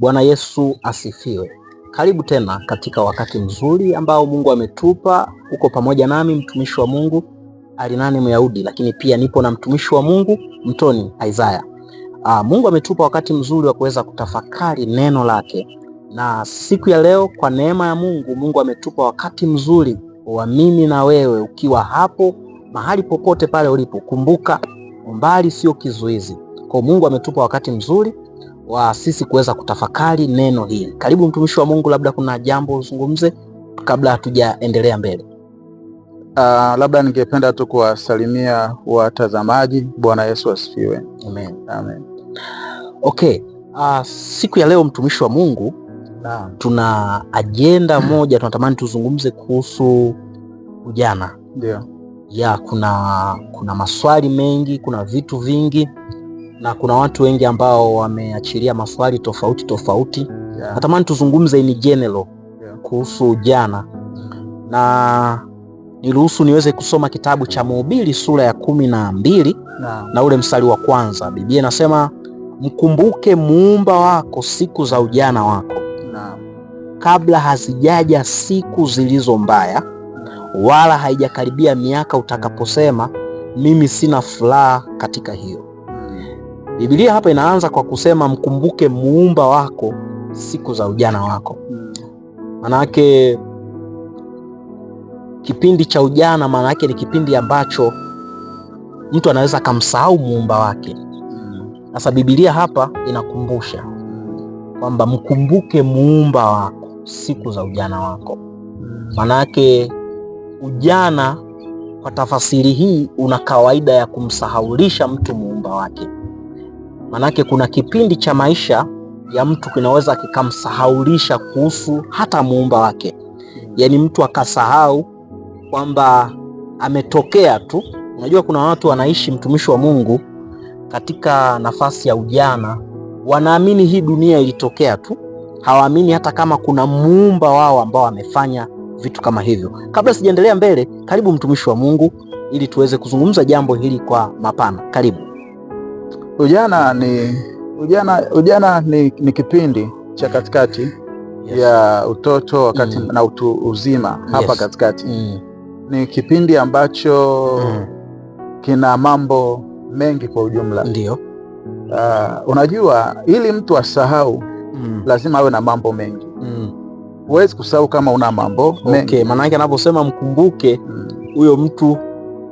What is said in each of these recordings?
Bwana Yesu asifiwe. Karibu tena katika wakati mzuri ambao Mungu ametupa. Uko pamoja nami mtumishi wa Mungu Alinani Myahudi, lakini pia nipo na mtumishi wa Mungu Mtoni Isaya. Aa, ah, Mungu ametupa wakati mzuri wa kuweza kutafakari neno lake, na siku ya leo kwa neema ya Mungu, Mungu ametupa wakati mzuri wa mimi na wewe, ukiwa hapo mahali popote pale ulipo. Kumbuka umbali sio kizuizi. Kwa Mungu ametupa wakati mzuri wa sisi kuweza kutafakari neno hili. Karibu mtumishi wa Mungu, labda kuna jambo uzungumze kabla hatujaendelea mbele. Uh, labda ningependa tu kuwasalimia watazamaji. Bwana Yesu asifiwe. Amen. Amen. Okay. Uh, siku ya leo mtumishi wa Mungu na, tuna ajenda hmm. moja tunatamani tuzungumze kuhusu ujana. Ndio. Ya kuna kuna maswali mengi, kuna vitu vingi na kuna watu wengi ambao wameachilia maswali tofauti tofauti yeah. Natamani tuzungumze in general yeah, kuhusu jana na niruhusu niweze kusoma kitabu cha Mhubiri sura ya kumi na mbili yeah, na ule mstari wa kwanza. Biblia inasema mkumbuke muumba wako siku za ujana wako yeah, kabla hazijaja siku zilizo mbaya, wala haijakaribia miaka utakaposema mimi sina furaha katika hiyo Biblia hapa inaanza kwa kusema mkumbuke muumba wako siku za ujana wako. Manake kipindi cha ujana, manake ni kipindi ambacho mtu anaweza akamsahau muumba wake. Sasa Biblia hapa inakumbusha kwamba mkumbuke muumba wako siku za ujana wako. Manake ujana kwa tafasiri hii una kawaida ya kumsahaulisha mtu muumba wake. Manake kuna kipindi cha maisha ya mtu kinaweza kikamsahaulisha kuhusu hata muumba wake, yaani mtu akasahau kwamba ametokea tu. Unajua, kuna watu wanaishi, mtumishi wa Mungu, katika nafasi ya ujana, wanaamini hii dunia ilitokea tu, hawaamini hata kama kuna muumba wao ambao amefanya vitu kama hivyo. Kabla sijaendelea mbele, karibu mtumishi wa Mungu, ili tuweze kuzungumza jambo hili kwa mapana. Karibu. Ujana ni ujana, ujana ni, ni kipindi cha katikati yes. ya utoto wakati mm. na utu uzima yes. hapa katikati mm. ni kipindi ambacho mm. kina mambo mengi kwa ujumla. Ndio. Uh, unajua ili mtu asahau mm. lazima awe na mambo mengi mm. huwezi kusahau kama una mambo mengi. Okay, maana yake anaposema mkumbuke mm. huyo mm. mtu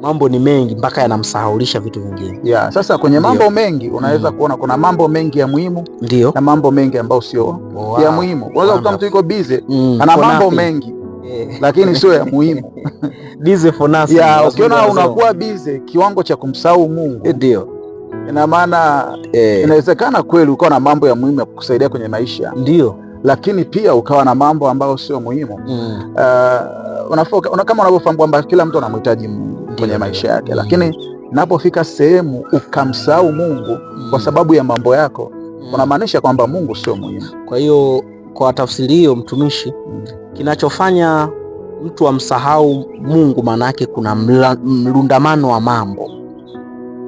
mambo ni mengi mpaka yanamsahaulisha vitu vingine. Yeah, sasa kwenye mambo Ndiyo. mengi unaweza mm. kuona kuna mambo mengi ya muhimu Ndiyo. na mambo mengi ambayo sio wow. ya muhimu. Unaweza kukuta mtu yuko busy mm. ana mambo mengi yeah. lakini sio ya muhimu busy for nothing. Yeah, ukiona unakuwa busy kiwango cha kumsahau Mungu eh, ndio ina maana eh. inawezekana kweli ukawa na mambo ya muhimu ya kukusaidia kwenye maisha ndio lakini pia ukawa na mambo ambayo sio muhimu mm. Uh, eh, unafoka, una, kama unavyofahamu kwamba kila mtu anamhitaji Mungu kwenye yeah, maisha yake yeah. Lakini napofika sehemu ukamsahau Mungu mm. kwa sababu ya mambo yako mm. unamaanisha kwamba Mungu sio muhimu. Kwa hiyo kwa tafsiri hiyo mtumishi mm. kinachofanya mtu amsahau Mungu maana yake kuna mlundamano wa mambo,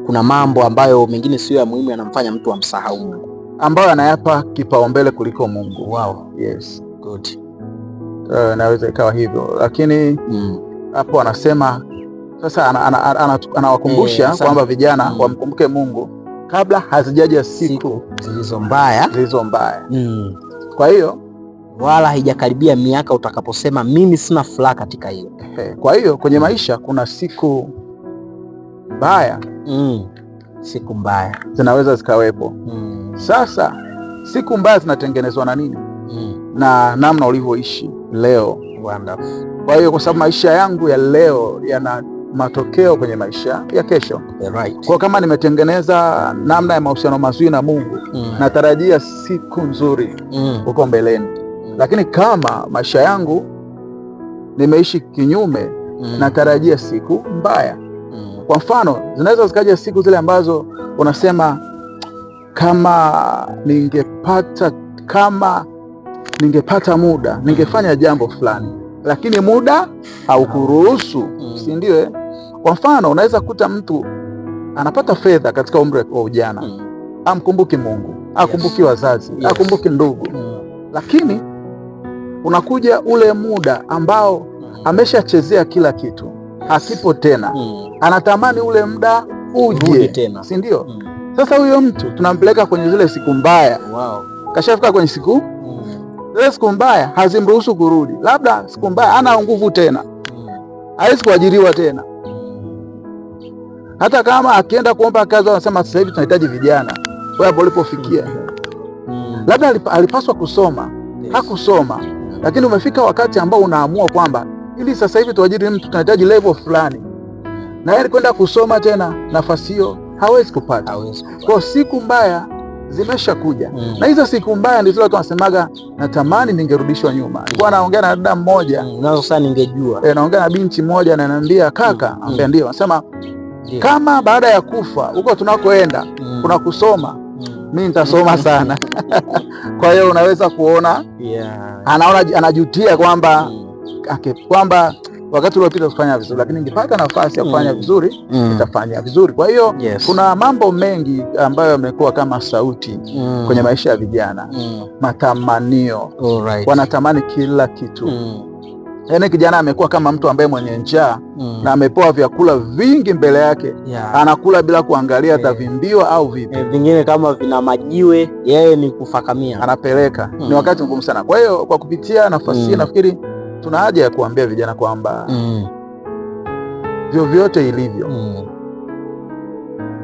kuna mambo ambayo mengine sio ya muhimu yanamfanya mtu amsahau Mungu ambayo anayapa kipaumbele kuliko Mungu Wow. Yes, good. Uh, naweza ikawa hivyo lakini mm. hapo mm. anasema sasa anawakumbusha ana, ana, ana, ana ana eh, kwamba vijana mm. wamkumbuke Mungu kabla hazijaja siku zilizo mbaya, zilizo mbaya. Mm. Kwa hiyo wala haijakaribia miaka utakaposema mimi sina furaha katika hiyo. Kwa hiyo kwenye maisha kuna siku mbaya mm. siku mbaya zinaweza zikawepo mm. Sasa siku mbaya zinatengenezwa na nini? Hmm. na namna ulivyoishi leo. Kwa hiyo kwa sababu maisha yangu ya leo yana matokeo kwenye maisha ya kesho right. Kwa kama nimetengeneza namna ya mahusiano mazuri na Mungu mm. natarajia siku nzuri hmm. huko mm. mbeleni mm. lakini kama maisha yangu nimeishi kinyume mm. natarajia siku mbaya mm. Kwa mfano zinaweza zikaja siku zile ambazo unasema kama ningepata kama ningepata muda ningefanya jambo fulani, lakini muda haukuruhusu, mm. si ndio? Eh? Kwa mfano, unaweza kuta mtu anapata fedha katika umri wa ujana, mm. amkumbuki Mungu, akumbuki wazazi, akumbuki ndugu, mm. lakini unakuja ule muda ambao ameshachezea kila kitu, hakipo tena, anatamani ule muda uje, si ndio? Sasa huyo mtu tunampeleka kwenye zile siku mbaya. Wow. Kashafika kwenye siku mm. Zile siku mbaya hazimruhusu kurudi, labda siku mbaya ana nguvu tena mm. Hawezi kuajiriwa tena mm. Hata kama akienda kuomba kazi anasema sasa hivi tunahitaji vijana, wewe hapo ulipofikia mm. Labda alipaswa kusoma yes. Hakusoma, lakini umefika wakati ambao unaamua kwamba ili sasa hivi tuajiri mtu tunahitaji level fulani, na yeye kwenda kusoma tena nafasi hiyo hawezi kupata. Kwa siku mbaya zimesha kuja mm. na hizo siku mbaya ndizo watu wanasemaga natamani ningerudishwa nyuma. Mm. Nilikuwa naongea na dada mmoja mm. nazo sasa ningejua e, naongea na binti mmoja na ananiambia kaka mm. ambaye ndio anasema yeah. kama baada ya kufa huko tunakoenda mm. kuna kusoma mm. mimi nitasoma sana kwa hiyo unaweza kuona yeah. anaona anajutia kwamba mm. kwamba wakati uliopita kufanya vizuri, lakini ningepata nafasi ya kufanya mm. vizuri mm. nitafanya vizuri. Kwa hiyo yes. kuna mambo mengi ambayo yamekuwa kama sauti mm. kwenye maisha ya vijana mm. matamanio. wanatamani kila kitu mm. Yaani kijana amekuwa kama mtu ambaye mwenye njaa mm. na amepewa vyakula vingi mbele yake yeah. anakula bila kuangalia atavimbiwa au vipi, eh, vingine kama vina majiwe, yeye ni kufakamia, anapeleka mm. ni wakati mgumu sana. Kwa hiyo kwa kupitia nafasi hii mm. nafikiri tuna haja ya kuambia vijana kwamba mm. vyovyote ilivyo mm.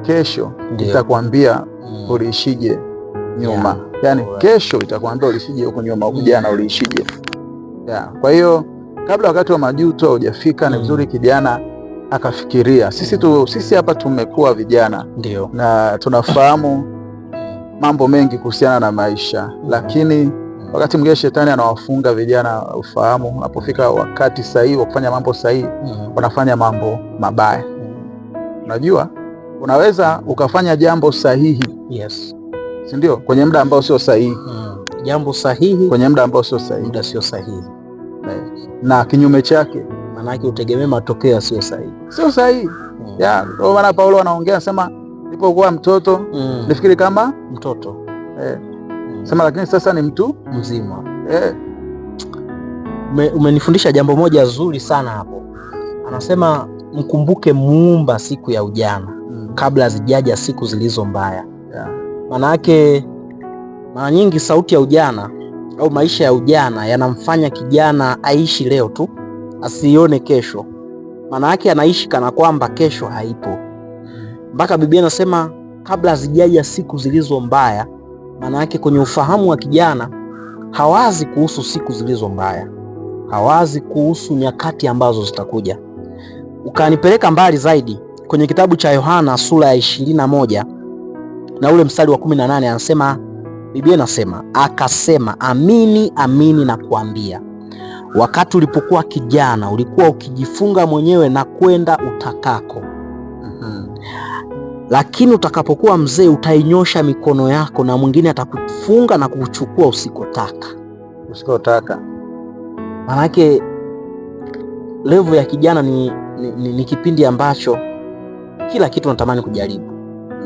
kesho itakuambia itakwambia mm. uliishije nyuma yeah. Yani right. kesho itakwambia uliishije huko nyuma huku jana mm. uliishije yeah. Kwa hiyo kabla wakati wa majuto haujafika mm. ni vizuri kijana akafikiria. Sisi tu, mm. sisi hapa tumekuwa vijana Ndiyo. na tunafahamu mm. mambo mengi kuhusiana na maisha mm. lakini Wakati mwingine shetani anawafunga vijana ufahamu, unapofika wakati sahihi wa kufanya mambo sahihi mm. wanafanya mambo mabaya mm. Unajua, unaweza ukafanya jambo sahihi yes. si ndio? kwenye muda ambao sio sahihi mm. jambo sahihi kwenye muda ambao sio sahihi, muda sio sahihi eh. na kinyume chake, maana yake utegemee matokeo sio sahihi, sio sahihi mm. ya ndio maana Paulo anaongea, anasema nilipokuwa mtoto mm. nifikiri kama mtoto eh sema, lakini sasa ni mtu mzima eh. Umenifundisha jambo moja zuri sana hapo. Anasema mkumbuke muumba siku ya ujana mm. kabla zijaja siku zilizo mbaya yeah. Maanake mara nyingi sauti ya ujana au maisha ya ujana yanamfanya kijana aishi leo tu, asione kesho. Maana yake anaishi kana kwamba kesho haipo, mm. mpaka Biblia inasema kabla hazijaja siku zilizo mbaya maana yake kwenye ufahamu wa kijana hawazi kuhusu siku zilizo mbaya, hawazi kuhusu nyakati ambazo zitakuja. Ukanipeleka mbali zaidi kwenye kitabu cha Yohana sura ya 21 na moja na ule mstari wa 18 anasema Biblia inasema, akasema, amini amini na kuambia, wakati ulipokuwa kijana ulikuwa ukijifunga mwenyewe na kwenda utakako. mm -hmm lakini utakapokuwa mzee utainyosha mikono yako na mwingine atakufunga na kuchukua usikotaka, usikotaka. Manake levu ya kijana ni, ni, ni, ni kipindi ambacho kila kitu unatamani kujaribu.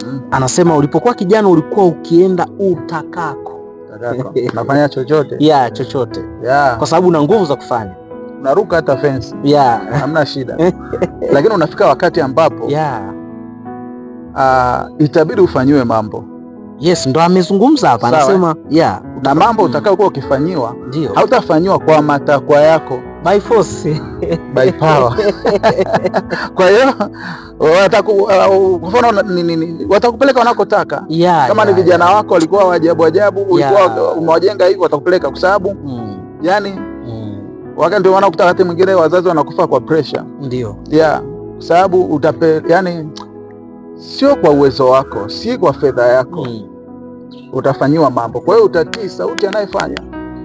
mm. Anasema ulipokuwa kijana ulikuwa ukienda utakako, utakako. Unafanya chochote yeah, chochote yeah. Kwa sababu una nguvu za kufanya unaruka hata fensi yeah. Hamna shida lakini unafika wakati ambapo yeah uh, itabidi ufanyiwe mambo. Yes, ndo amezungumza hapa, anasema yeah, na mambo mm. utakayokuwa ukifanyiwa hautafanyiwa kwa matakwa yako by force by power. Kwa hiyo uh, mfano watakupeleka wanakotaka, yeah, kama yeah, ni vijana yeah, wako walikuwa wajabu ajabu, ulikuwa umewajenga hivyo, watakupeleka kwa sababu mm, yani mm, wakati ndio maana ukutaka wakati mwingine wazazi wanakufa kwa pressure, ndio yeah, kwa sababu utape yani sio kwa uwezo wako, si kwa fedha yako mm. Utafanyiwa mambo, kwa hiyo utatii sauti anayefanya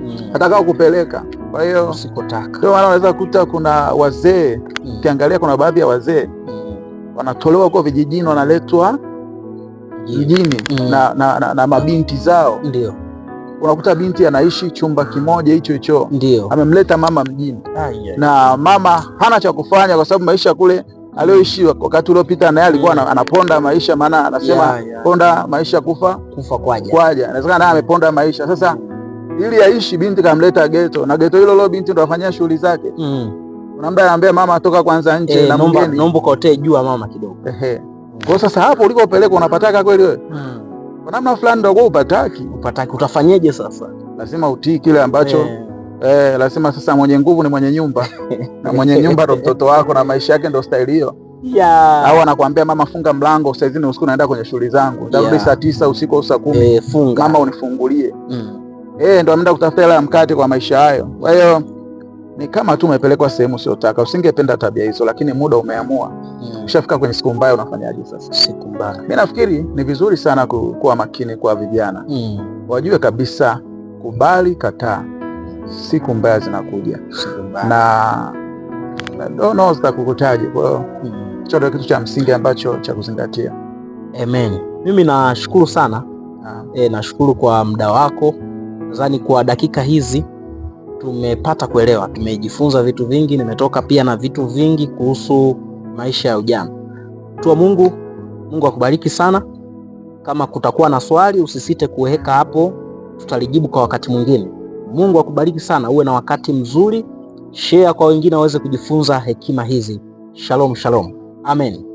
mm. atakao kupeleka. Kwa hiyo usikotaka, ndio maana unaweza kuta kuna wazee mm. ukiangalia, kuna baadhi ya wazee mm. wanatolewa huko vijijini, wanaletwa vijijini mm. na, na, na, na mabinti zao ndio unakuta binti anaishi chumba mm. kimoja hicho hicho, amemleta mama mjini, na mama hana cha kufanya kwa sababu maisha kule alioishi wakati uliopita naye alikuwa mm. anaponda maisha, maana anasema yeah, yeah. Ponda maisha kufa kufa kwaja kwaja, inawezekana naye ameponda maisha sasa ili aishi binti kamleta geto na geto hilo leo binti ndo afanyia shughuli zake. Mm. Kuna mda anaambia mama toka kwanza nje e, na mgeni. Naomba kaotee jua mama kidogo. Ehe. Kwa sasa hapo ulikopeleka unapataka kweli wewe? Mm. Kwa namna fulani ndo kwa upataki. Upataki utafanyaje sasa? Lazima utii kile ambacho e. Eh, lazima sasa mwenye nguvu ni mwenye nyumba na mwenye nyumba ndo mtoto wako na maisha yake ndo staili hiyo. Yeah. Au anakuambia mama, funga mlango saizi ni usiku, naenda kwenye shughuli zangu, nitarudi yeah, saa tisa usiku au saa kumi. E, mama, unifungulie. Mm. Eh, ndo ameenda kutafuta hela ya mkate kwa maisha hayo. Kwa hiyo ni kama tu umepelekwa sehemu usiotaka. Usingependa tabia hizo, lakini muda umeamua. Mm. Ushafika kwenye siku mbaya, unafanyaje sasa? Siku mbaya. mi nafikiri ni vizuri sana kuwa makini kwa vijana. Mm. Wajue kabisa kubali, kataa siku mbaya zinakuja na dono za kukutaji. Kwa hiyo hicho mm. ndio kitu cha msingi ambacho cha kuzingatia. Amen. Mimi nashukuru sana ah. e, nashukuru kwa muda wako. Nadhani kwa dakika hizi tumepata kuelewa, tumejifunza vitu vingi, nimetoka pia na vitu vingi kuhusu maisha ya ujana. Tua Mungu, Mungu akubariki sana. Kama kutakuwa na swali usisite kuweka hapo, tutalijibu kwa wakati mwingine. Mungu akubariki sana, uwe na wakati mzuri, share kwa wengine waweze kujifunza hekima hizi. Shalom shalom, amen.